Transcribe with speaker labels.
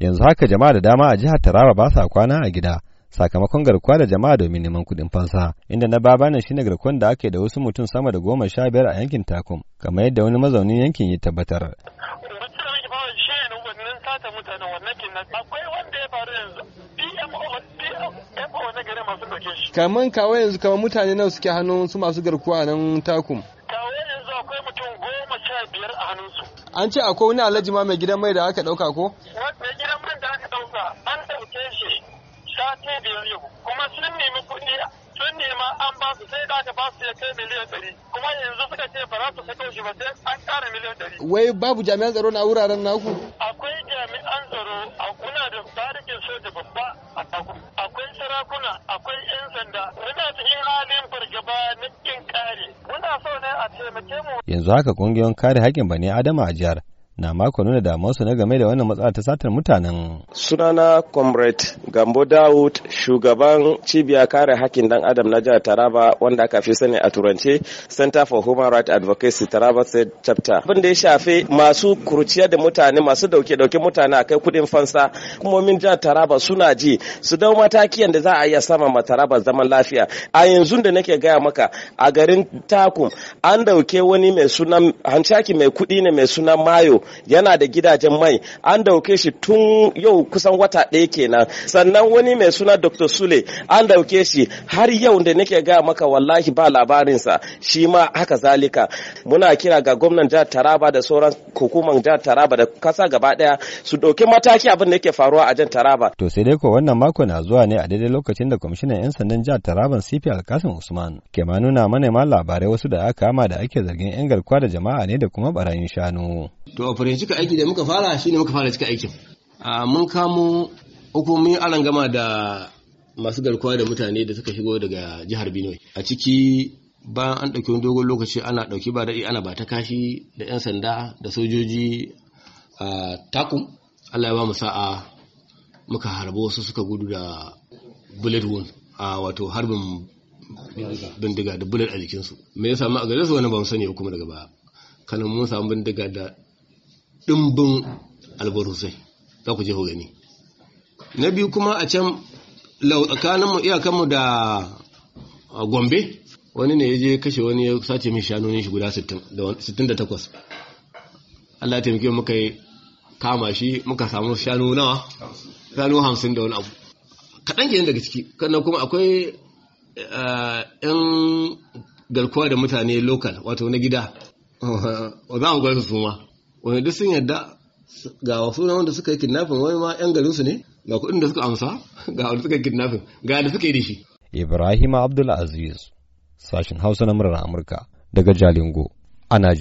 Speaker 1: yanzu haka jama'a da dama a jihar Taraba ba sa kwana a gida sakamakon garkuwa da jama'a domin neman kuɗin fansa inda na baba ne shine garkuwan da ake da wasu mutum sama da goma sha biyar a yankin Takum kamar yadda wani mazaunin yankin ya tabbatar.
Speaker 2: akwai wanda ya faru yanzu na gari
Speaker 1: masu Kaman kawo yanzu kamar mutane nawa suke hannun su masu garkuwa nan takum. Kawo yanzu
Speaker 2: akwai mutum goma sha biyar a hannunsu.
Speaker 1: An ce akwai wani alhaji ma mai gidan mai da aka ɗauka ko?
Speaker 2: sa an ɗauke shi sati biyar yau kuma sun nemi kuɗi sun nema an ba su sai da aka ba su ya kai miliyan ɗari kuma yanzu suka ce ba za su sako shi ba sai an
Speaker 3: ƙara miliyan ɗari. Wai babu jami'an tsaro na wuraren naku? Akwai jami'an tsaro a kuna da tarihin soja babba a taku. Akwai sarakuna
Speaker 1: akwai 'yan sanda muna cikin halin fargaba na ƙin kare. Muna so ne a taimake mu. Yanzu haka ƙungiyoyin kare haƙƙin bani Adama a jihar na mako nuna damuwarsu na game da wannan matsala ta satar mutanen.
Speaker 2: Sunana Comrade Gambo Dawud shugaban cibiyar kare hakkin dan adam na jihar Taraba wanda aka fi sani a turance Center for Human Rights Advocacy Taraba State Chapter. Abin da ya shafi masu kurciya da mutane masu dauke dauke mutane a kai kudin fansa hukumomin jihar Taraba suna ji su dau matakiyan da za a iya sama ma Taraba zaman lafiya. A yanzu da nake gaya maka a garin Takum an dauke wani mai sunan hancaki mai kudi ne mai sunan Mayo yana da gidajen mai an dauke shi tun yau kusan wata ɗaya kenan sannan wani mai suna dr sule an dauke shi har yau da nake gaya maka wallahi ba labarinsa shi ma haka zalika muna kira ga gwamnan jihar taraba da sauran hukumar jihar taraba da kasa gaba daya su dauki mataki abin da yake faruwa a jihar taraba
Speaker 1: to sai dai ko wannan mako na zuwa ne a daidai lokacin da kwamishinan yan sandan jihar taraban cp alkasim usman ke ma nuna manema labarai wasu da aka kama da ake zargin yan garkuwa da jama'a ne da kuma barayin shanu
Speaker 3: to a fara cika aiki da muka fara shine muka fara cika aikin mun kamo hukumomin gama da masu garkuwa da mutane da suka shigo daga jihar Benue a ciki bayan an ɗauki wani dogon lokaci ana ɗauki ba daɗi ana ba ta kashi da 'yan sanda da sojoji a takum Allah ya ba mu sa'a muka harbo wasu suka gudu da bullet wound a wato harbin bindiga da bullet a su me ya samu a gare su wani ba mu sani kuma daga baya kanan mun samu bindiga da ɗimbin albarusai za ku je ku gani na biyu kuma a can tsakaninmu iyakanmu da gombe wani ne ya je kashe wani ya sace mai shanonin shi guda 68 Allah ya taimake muka yi kama shi muka samu shanu nawa shanu hamsin da wani abu kaɗan yin daga ciki kannan kuma akwai ɗan garkuwa da mutane lokal wato na gida za mu gwarsu su ma Wani duk sun yadda ga wasu na wanda suka yi kidnapping wani ma 'yan garinsu ne ga kuɗin da suka amsa ga wanda suka yi kidnapping ga da suka yi da shi.
Speaker 1: Ibrahim Abdul Aziz, sashen Hausa na murar Amurka daga Jalingo a Najeriya.